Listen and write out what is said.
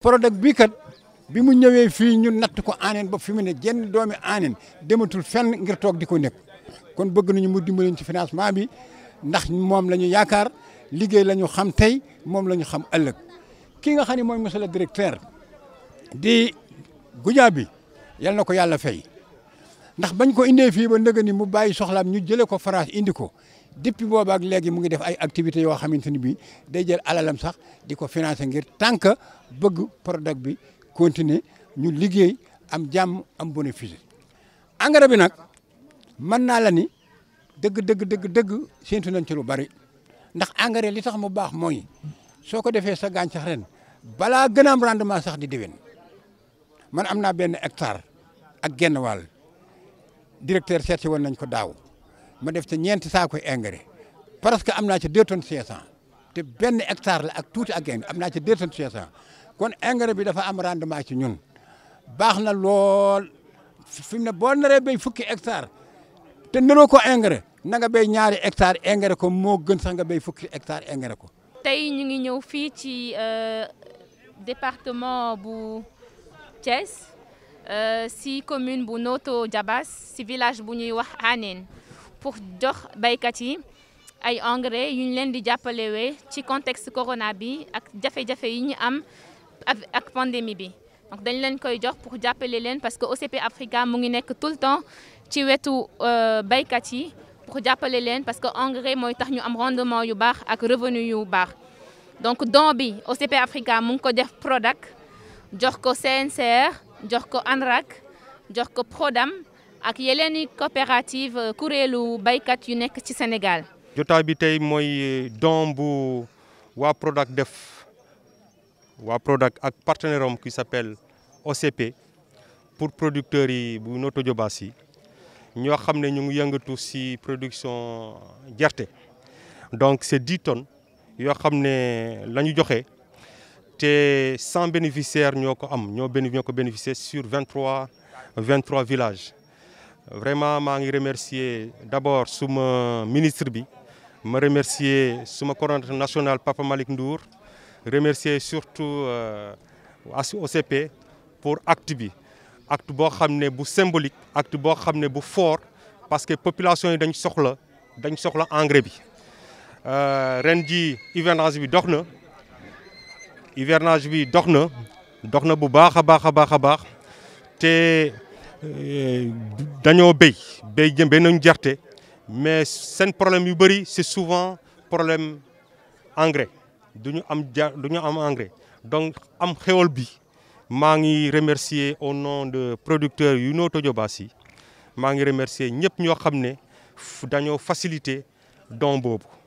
Prodac bii kat bi mu ñëwee fii ñu natt ko aaneen ba fi mu ne jenn doomi aaneen dematul fenn ngir toog di ko nekk kon bëgg nañu mu dimbali ci financement bi ndax moom la ñu yaakaar liggéey la ñu xam tey moom la ñu xam ëllëg kii nga xam ne mooy monsieur le directeur di Goudiaby bi yal na ko yàlla fay ndax bañ ko indee fii ba ndëgë ni mu bàyyi soxlaam ñu jëlee ko France indi ko depuis booba ak léegi mu ngi def ay activités yoo xamante ni bii day jël alalam sax di ko financer ngir tant que bëgg Prodac bi continuer ñu liggéey am jàmm am bénéfice engrais bi nag mën naa la ni dëgg dëgg dëgg dëgg séntu nañ ci lu bari ndax engrais li sax mu baax mooy soo ko defee sa gàncax ren balaa gën a am rendement sax di déwén man am naa benn hectare ak genn wàll directeur seet si woon nañ ko daaw. ma def ca ñeenti saako engrais presque am naa ca deux tonnes cinq cent te benn hectare la ak tuuti ak am naa ca deux tonnes cinq kon engrais bi dafa am rendement ci ñun baax na lool fi mu ne boo naree bay fukki hectare te naroo ko engrais na nga béy ñaari hectare engrais ko moo gën sax nga bay fukki hectare engrais ko. tey ñu ngi ñëw fii ci euh, département bu Thiès euh, si commune bu Noto Diabas si village bu ñuy wax Haneen. pour jox baykat yi ay engrais yuñ ñu leen di jàppalewee ci contexte corona bi ak jafe-jafe yi ñu am ak pandémie bi donc dañ leen koy jox pour jàppale leen parce que OCP Africa mu ngi nekk tout le temps ci wetu euh, baykat yi pour jàppale leen parce que engrais mooy tax ñu am rendement yu baax ak revenu yu baax donc don bi OCP Africa mu ngi ko def Prodac jox ko CNCR jox ko ANRAC jox ko Prodam ak yeneen i coopérative kuréelu baykat yu nekk ci Sénégal. jotaay bi tey mooy euh, don bu waa product def waa product ak partenaire am qui s'appelle OCP pour producteurs yi bu Notto Diobass yi ñoo xam ne ñu ngi yëngatu si production gerte donc c'est 10 tonnes yoo xam ne la ñu joxe te bénéficiaires ñoo ko am ñoo sur 23 trois villages vraiment maa ngi remercier d'abord suma ministre bi ma remercier suma coordinateur national Papa Malick Ndour remercier surtout euh, OCP pour acte bi acte bo xamné bu symbolique acte bo xamné bu fort parce que population yi dañ soxla dañ soxla engrais bi euh, ren ji hivernage bi doxna hivernage bi doxna doxna bu baax a baax a baax a euh, dañoo béy béy jëm béy nañu mais seen problème yu bëri c'est souvent problème engrais du ñu am ja am engrais donc am xéwal bi maa ngi remercier au nom de producteur yu noo Tojo Baas yi ngi remercier ñëpp ñoo xam ne faciliter don boobu.